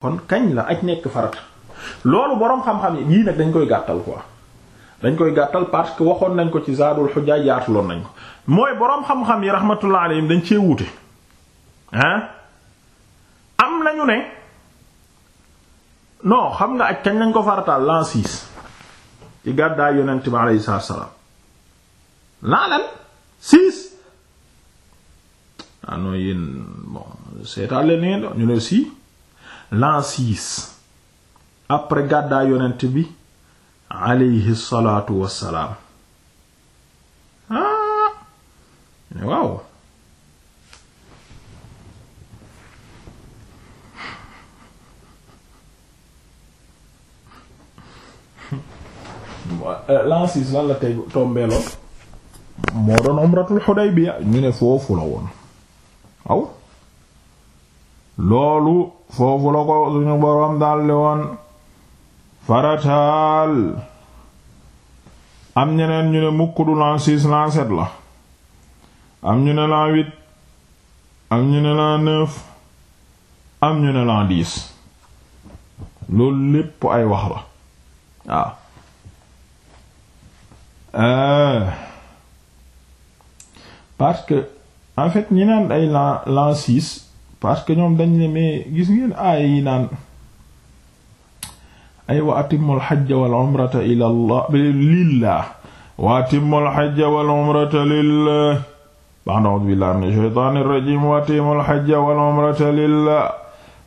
kon kañ la aj nekk farata loolu boroom xam-xam yi yii nag dañ koy gàttal ko dañ koy gàttal parce que waxoon nañ ko ci Zadul Hujjaj yaatuloon nañ ko mooy boroom xam-xam yi rahmatullah alayhim dañ cee wuute ah am nañu ne non xam nga aj kañ lañ ko farataal l'an six ci gàddaay yonent bi alayhi salaam laa lan six ah ni ngeen ñu ne six l'an six après gàddaa yonent bi aleyhi salaatu wassalaam ah waaw euh, l'an six lan la tey tombeeloon moo doon umratul Hudaybiya ñu ne foofu la woon waaw loolu foofu la ko suñu boroom daldi woon farataal am ñeneen ñu ne mukk du l'an six l'an la am ñu ne l'an huit am ñu ne l'an neuf am ñu ne l'an dix loolu lépp ay wax la waaw euh. parce que en fait ñi naan ay l'an l'an parce que ñoom dañ ne mais gis ay wa atimmul hajja wal umrata ila allah lillah wa atimmul hajja wal lillah ba'da a'uuzu billahi minash shaytaanir rajiim wa atimmul hajja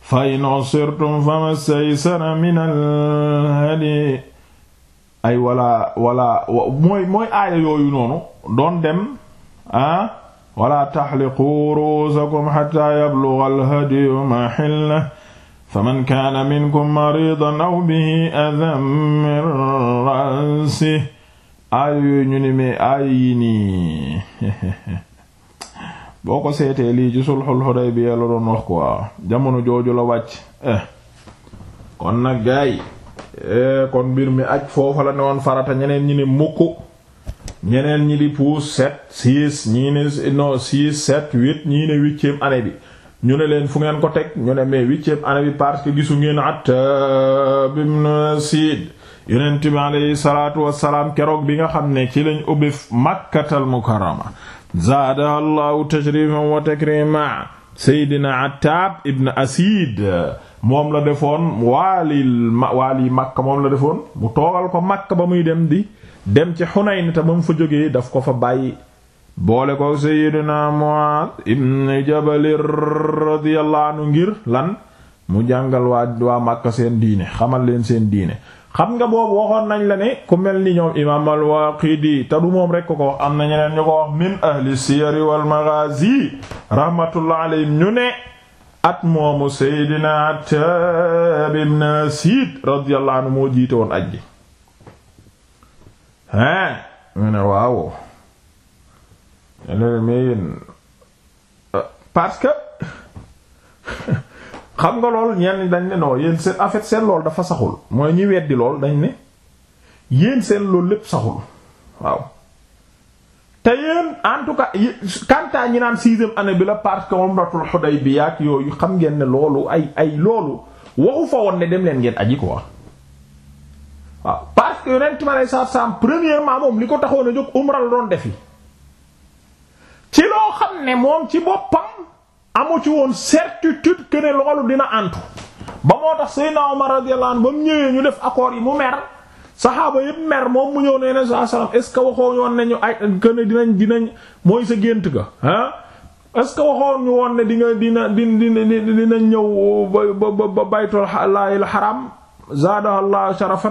fa in usirtum famastaysara minal ay wala mooy mooy aaya yooyu noonu doon dem ah, wala taxliquu ruusakum xataa yabluga alhadiyu maxillahu faman kaana minkum maridan aw bihi adan min ra'sihi aay yooyu ñu ni mee aay yi nii boo ko seetee lii ci sulxul Xudaybiya la doon wax quoi jamono jooju la wàcc eh, kon nag eh, kon mbir mi aj foofa la farata ñeneen ñi ne ñeneen ñi di puus sept six ñii ne non six ñii ne huitième année bi ñu ne leen fu ngeen ko teg ñu ne mais huitième année bi parce que gisu ngeen Attab ibn Asid yonent bi alayhi salaatu wassalaam keroog bi nga xam ne ci lañ ubbi Makkatal Mukarrama zaadaha Allahu tashrifan wa takrima Seydina Attab ibn Asid moom la defoon waalil ma waali Makka moom la defoon mu toogal ko Makka ba muy dem di dem ci Xunayn te ba fa jógee daf ko fa bàyyi boole ko Seydina Muaaz ibn Jabal radiyallahu ngir lan mu jàngal waa waa Makka seen diine xamal leen seen diine xam nga boobu waxoon nañ la ne ku mel ni ñoom imaam al-Waaqidi du moom rekk ko am na ñeneen ñu ko wax min ahli siyari wal maghaazi rahmatullah alayhim ñu ne at moomu Seydina Attaab ibn Asiid radiyallahu anhu moo jiite woon aj hein mu ne waaw parce que xam nga lool ñenn dañ ne non yéen seen en seen lool dafa saxul mooy ñi weddi lool dañ ne yéen seen loolu lépp saxul waaw te yéen en tout cas kantaa ñi naan sixième année bi la parce que umratul Hudaybiya ak yooyu xam ngeen ne loolu ay ay loolu waxu fa woon ne dem leen ngeen aji quoi que yonent ma lay saat saam premièrement moom li ko taxoon a jóg umra la doon defi ci loo xam ne moom ci boppam amu ci woon certitude que ne dina antu ba moo tax Seydina Omar radiyallahu anhu ba mu ñëwee ñu def accord yi mu mer saxaaba yëpp mer moom mu ñëw ne sa saa salaam est ce que waxoon woon nañu ay que ne dinañ dinañ mooy sa gént ga ah est ce que waxoon ñu woon ne di nga dina dina dina ñëw ba ba ba baytul laahil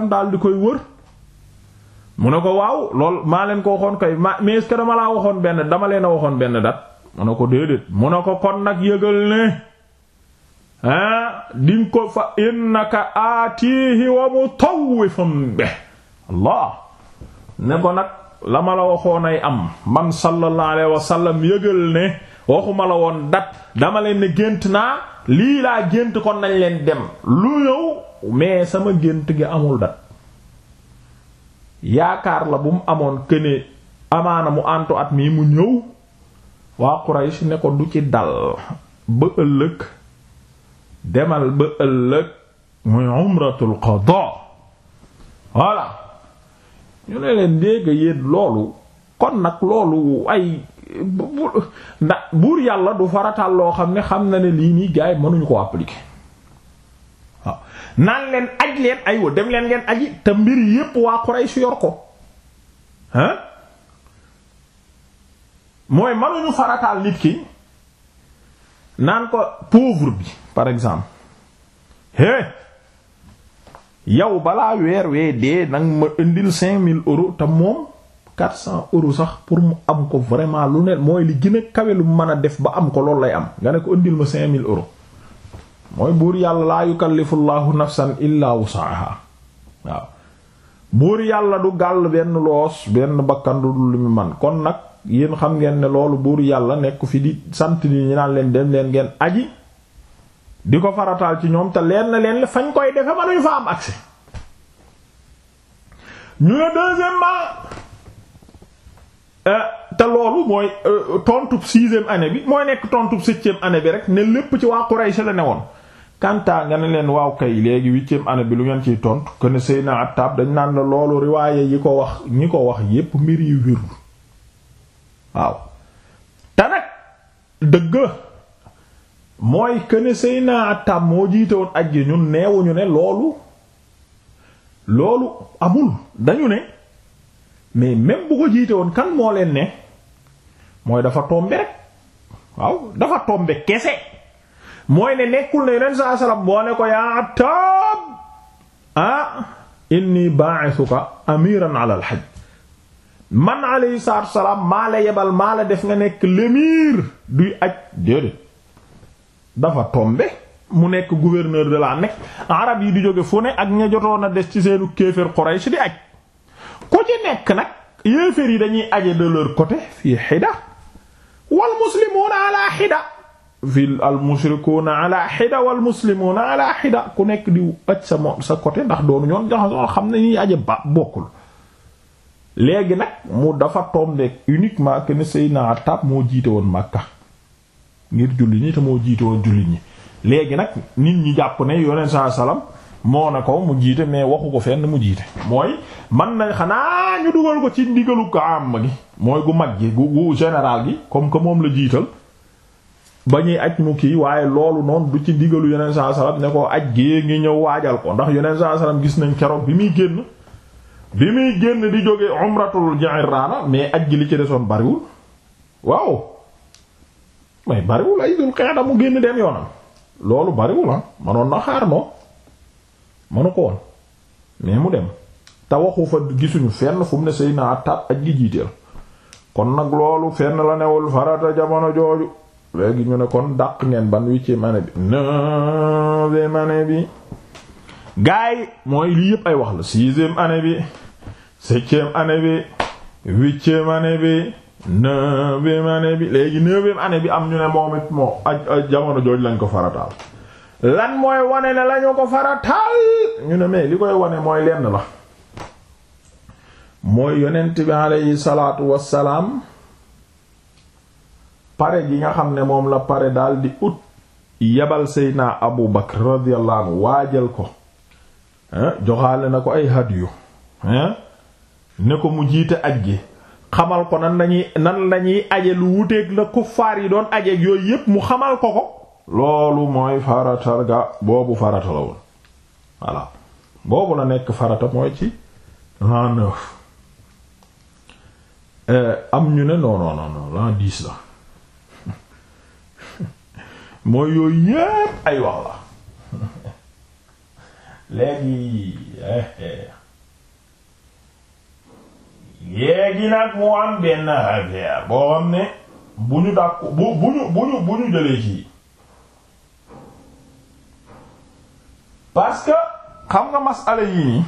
daal di koy wër. mu ne ko waaw lool maa leen ko waxoon kay ma mais est-ce que laa waxoon benn dama leen a waxoon benn dat mu ne ko déedéet mu ne ko kon nag yëgal ne ah dinga ko fa innaka aatihi wa mutawwifun be allah ne ko nag la ma la waxoon ay am man sallallahu alayhi wa sallam yëgal ne waxuma la woon dat dama leen ne gént naa lii laa gént kon nañ leen dem lu ñëw mais sama gént gi amul dat yaakaar la bu mu amoon këne amaana mu antu at mii mu ñëw waa su ne ko du ci dal ba ëllëg demal ba ëllëg muy umratul qada voilà ñu ne leen dégg yéen loolu kon nag loolu ay bu ndax buur yàlla du farataal loo xam ne xam na ne lii nii gaay mënuñu ko appliquer naan leen aj leen aywa dem leen ngeen aji te mbir yépp waa Quraysh yor ko hein mooy mënuñu farataal nit ki naan ko pauvre bi par exemple hé yow balaa weer wee dee nag ma indil cinq mille euros te moom quatre cents euros sax pour mu am ko vraiment lu ne mooy li gën a kawe lu mën a def ba am ko loolu lay am nga ne ko indil ma cinq mille euros mooy buur yàlla laa yukallifu llahu nafsan illaa wusaaha waaw buur yàlla du gàll benn loos benn bakkan du lu mu man kon nag yéen xam ngeen ne loolu buur yàlla nekku fi di sant ni ñu naan leen dem leen ngeen aji di ko farataal ci ñoom te leen na leen fañ koy defe mënuñu fa am accès ñu ne deuxièmement euh, te loolu mooy euh, tontub sixième année bi mooy nekk tontub septième année bi rek ne lépp ci waa Quraysh la ne woon kanta nga ne leen waaw kay léegi huitième année bi lu ngeen ciy tontu que ne Seyna Attab dañ naan la loolu riwaaye yi ko wax ñi ko wax yépp mbir yi wérul waaw te dëgg mooy que ne naa Attab moo jiite woon aj yi ñun neewuñu ne loolu loolu amul dañu ne mais même bu ko jiite woon kan moo leen ne mooy dafa tombe rek waaw dafa tombe kese mooy ne nekkul ne yonent saa salaam boo ne ko yaa Attab ah inni ba'ithuka amiran ala al man alayhi salaatu salaam maa la yebal maa la def nga nekk l'émir duy aj déedéet dafa tombe mu nekk gouverneur de la Mecque arab yi di jóge fu ne ak ña jotoon a des ci seenu kéefër Quraysh di aj ku ci nekk nag yéeféer yi dañuy aje de leur fii xida wal muslimuuna ala xida fi al mushrikuuna ala xida wal muslimuuna ala xida ku nekk di aj sa moom sa côté ndax doonu ñoon jaxasoo xam ne ñuy aje ba bokkul léegi nag mu dafa tombeek uniquement que ne Seydina Attab moo jiite woon Makka ngir julli ñi te moo jiite woon julli ñi léegi nag nit ñi jàpp ne yoneen saa salaam moo na ko mu jiite mais waxu ko fenn mu jiite mooy man nañ xanaa ñu dugal ko ci ndigalu ko am gi mooy gu mag gi gu gu général gi comme que moom la jiital ba ñuy aj mu kii waaye loolu noonu du ci digalu yeneen saa salaam ne ko aj gée ngi ñëw waajal ko ndax yeneen saa salaam gis nañ keroog bi muy génn bi muy génn di jóge umratul Ji'rana mais aj gi li ci desoon bariwul waaw may bariwul ay dem yoonam loolu bariwul ah ko woon mu dem te waxu fa gisuñu fu mu ne sëy nag loolu fenn la newul farata jooju léegi ñu ne kon dàq ngeen ban huitième année bi neuvième année bi gaay yi mooy lii yëpp ay wax la sixième année bi septième année bi huitième année bi neuvième bi léegi neuvième année bi am ñu ne moom it moo aj jamono jooj lañ ko farataal lan mooy wane ne lañu ko farataal ñu ne mais li koy wane mooy lenn la mooy yonent bi alayhi wassalaam pare gi nga xam ne moom la pare daal di ut yebal seydna abu bakr radiyallahu anhu waajal ko joxaale na ko ay hadiyu ne ko mu jiite ak gi xamal ko nan lañuy nan lañuy aje lu wuteeg la kuffaar yi doon ajeeg yooyu yépp mu xamal ko ko loolu mooy faratal ga boobu farata la woon voilà boobu la nekk farata mooy ci l'an euh, am ñu ne non non non la mooy yooyu yépp ay wax la léegi eh, eh. léegi nag mu am benn affaire boo xam ne bu ñu dàqu bu bu ñu bu ñu bu ñu jëlee ci parce que xam nga masala yi nii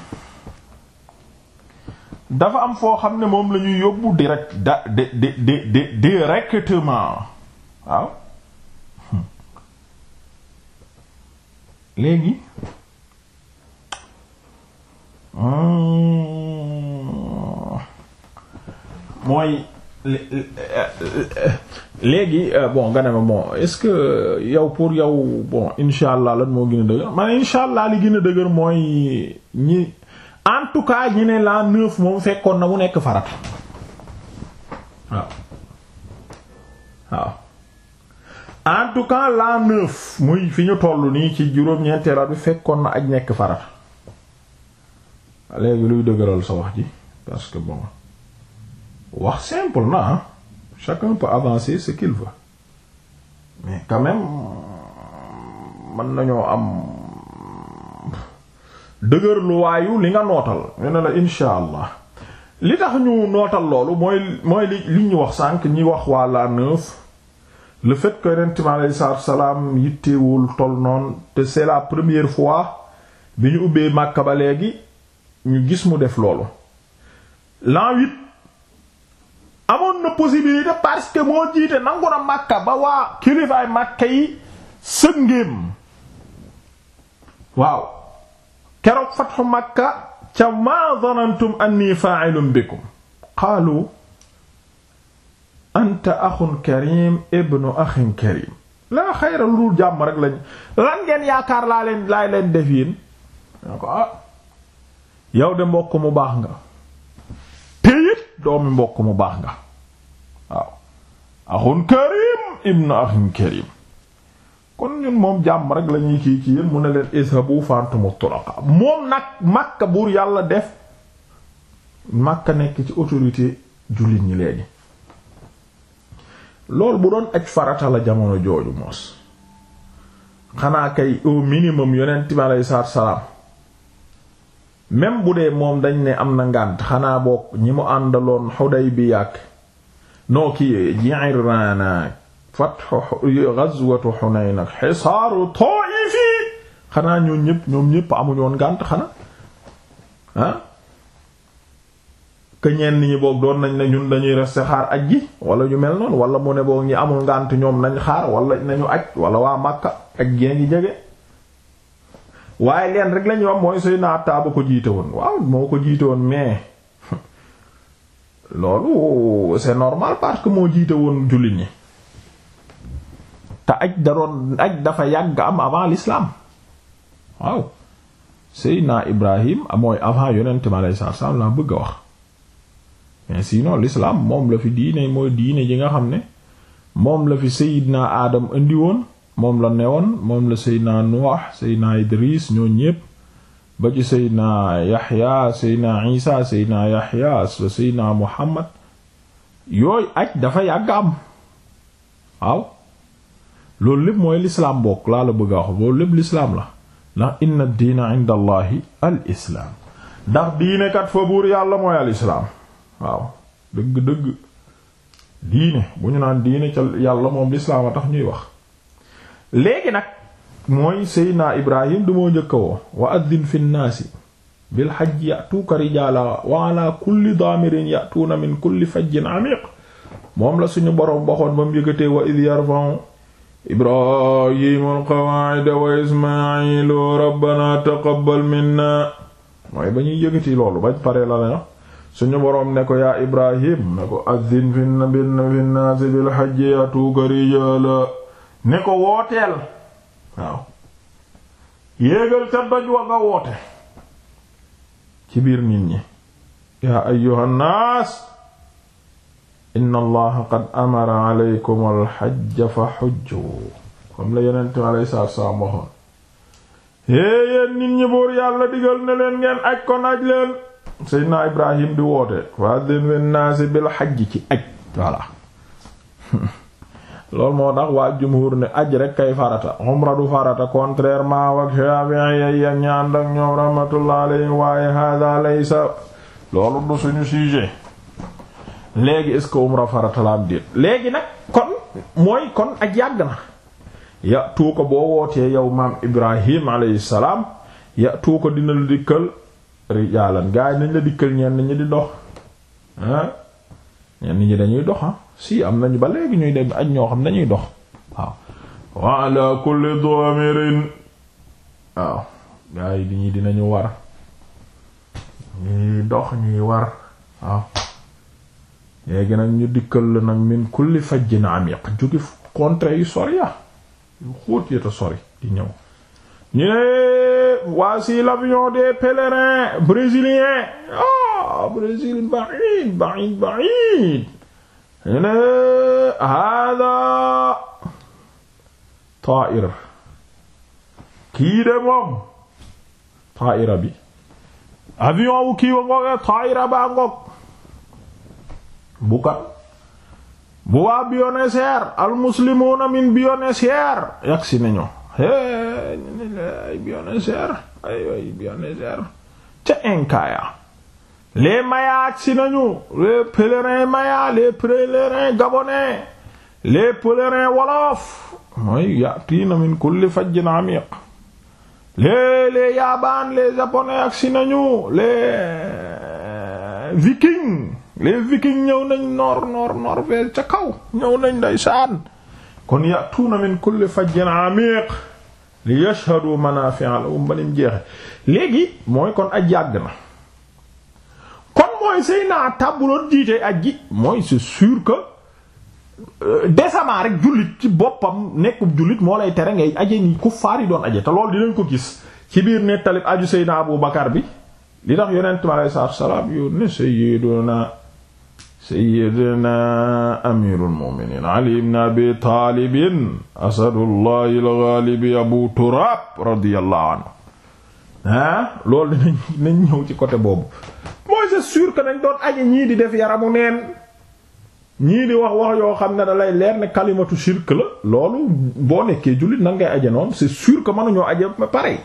dafa am foo xam ne moom la ñuy yóbbu direct da de de de directement waaw léegi mooy léegi euh, bon nga ne ma bon ce que yow pour yow bon insha allah lan moo gën a dëgër man insha allah li gën a dëgër mooy ñi en tout cas ñi ne la neuf moom fekkoon na mu nekk farat waaw waaw en tout cas l'an neuf muy fi ñu toll nii ci juróom-ñeenteel at bi fekkoon na ak nekk farata léegi luy dëgëral sa wax ji parce que bon wax simple na chacun peut avancer ce qu'il veut mais quand mën nañoo am dëgër lu waayu li nga nootal ñu ne la insha allah li tax ñu nootal loolu mooy mooy li li wax sànq ñi wax waa l'an neuf le fait que yonent bi aleyhi salaam yittewul toll noonu te c'est la première fois bi ñu ubbee Makka ba léegi ñu gis mu def loolu l'an huit amoon na possibilité parce que moo jiite nangu na Makka ba waa kilifaay Makka yi sëngéem waaw keroog fatxu Makka ca ma zanantum anni fa'ilun bikum qaalu anta axun karim ibnu axin karim laa xayra lu dul jàmm rek lañ lan yaakaar laa leen laa leen def yéen ko ah yow de mbokk mu baax nga te doomi mbokk mu baax nga waaw axun karim ibnu axin karim kon ñun moom jàmm rek la ñuy kii ci yéen mu ne leen ishabu fantumu tulaqa moom nag Makka buur yàlla def Makka nekk ci autorité jullit ñi léegi lool bu doon aj faratala jamono jooju moos xanaa kay au minimum yonent bi aleyhi salaatu salaam même bu dee moom dañ ne am na ngànt xanaa bokk ñi mu àndaloon Hudaybiya ak noo ki Ji'irraana fathu ghazwatu Hunayn ak xisaaru Taa'if xanaa ñoom ñëpp ñoom ñëpp amuñoon ngànt xanaa ah que ñenn ñi boobu doon nañ ne ñun dañuy rester xaar aj ji wala ñu mel noonu wala mu ne boog ñi amul ngànt ñoom nañ xaar wala nañu aj wala waa Makka aj gee ngi jege. waaye leen rek lañuy ñu am mooy suy jiite woon waaw moo ko jiite woon mais loolu c'est que moo jiite woon ñi te aj dafa yàgg am avant l'islam waaw suy naa Ibrahim ah, mooy avant yonent ma lay saar saam laa bëgg a wax. mais sinon l'islam moom la fi diine mooy diine ji nga xam ne moom la fi Seydina Adam indi moom la newoon moom la Seydina Nuux Seydina Idris ñoo ñépp ba ci Seydina Yaxya Seydina Isa Seydina Yaxya Seydina Muhammad yooyu aj dafa yàgg am waaw loolu lépp mooy lislaam bokk laa la bëgg a loolu lépp lislaam la ndax inna diina inda allahi al islaam ndax diine fa buur yàlla mooy al islaam waaw dëgg-dëgg diine bu ñu naan diine ca yàlla moom lislaama tax ñuy wax léegi nag mooy seydna ibrahim du moo njëkka woo wa addin fi nnaasi bil hajji yatuuka rijaala wa ala kulli daamirin yatuuna min kulli fajjin amiq moom la suñu boroom waxoon ba mu yëgatee wa id yarfa'u ibrahimu alqawaacida wa ismailu rabbana taqabbal minna mooy ba ñuy yëgati loolu bañ pare la na suñu boroom ne ko yaa ibrahim ne ko azzin fin bin fin naasi bil hajji yatuuka rijaala ne ko wooteel waaw yéegal ca doj wa nga woote ci biir nit ñi yaa ayyuhan naas inna allaha qad amara alaykum alxajja fa xujju comme la yonent mi alayhi salaatu salaam waxoon hee yéen nit ñi buur yàlla digal na leen ngeen aj kon aj leen seydna ibrahim di woote waadin wen naasi bil xajj ci aj voilà loolu moo tax waa jumhur ne aj rek kay farata umra du farata contrairement ñoom rahmatullah waaye hada laysa loolu du suñu sujet léegi est-ce farata la am déet nag kon mooy kon ak yàgg na ya tuu ko boo wootee yow maam ibrahim alayhi ya tuu ko dina dikkal rijaalan gaa yi nañ la dikkal ñenn ñu di dox ah ñenn ñi dañuy dox ah si am nañu ba léegi ñuy dem ak ñoo xam dañuy dox waaw wa ala kulli damirin waaw gaa yi di ñi dinañu war ñuy dox ñuy war waaw léegi nag ñu dikkal nag min kulli fajjin amiq jóge contre yu sori ya ah. yu xóot yata sori di ñëw ñu ne voici l'avion des pèlerins brésiliens ah, de moom Taa'ira bi avion wu kii wa min Buenos Aires nañu é ñu ne ay Buenos Aires ay ca Inca ya les Mayas agsi nañu les pèlerins Mayas les pèlerins gabonais les pèlerins wolof mooy yatiina min kulli fajjin amiq les les yabaan les ak si nañu les eh, vikings les vikings ñëw nañ noor noor Norvège ca kaw ñëw nañ ndeysaan kon yatuuna min kulli fajjin amiq li yashhadu manafi'a lahum banim jeexe léegi mooy kon aj yàgg na kon mooy sëy naa tàbbuloon jiite aj ji mooy c'est sûr que euh, décemment rek jullit ci boppam nekkub jullit moo lay tere ngay aje ni kuffaar yi doon aje te loolu dinañ ko gis ci biir nettalib aju sëy na Abu Bakar bi li tax yonent mi alayhi salaatu wa salaam yu ne sayyiduna sayyidina amiirul mu'miniin Ali ibn Abi Taalib asadullahi al-ghaalib Abu Turaab radiyallahu anhu ah loolu dinañ ñëw ci côté boobu mooy c'est sûr que dañ doon aje ñii di def yaramu neen ñii di wax wax yoo xam ne dalay lay leer ne kalimatu shirk la loolu boo nekkee jullit nan ngay aje noonu c'est sûr mënuñoo aje ba pare.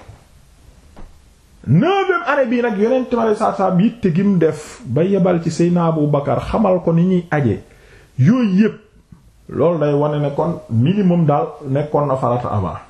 neuvième année bii nag yeneen ma lay saa saa yitte gi mu def ba yebal ci Seydina Abu Bakar xamal ko ni ñuy aje yooyu yépp loolu day wane ne kon minimum daal nekkoon na farata avant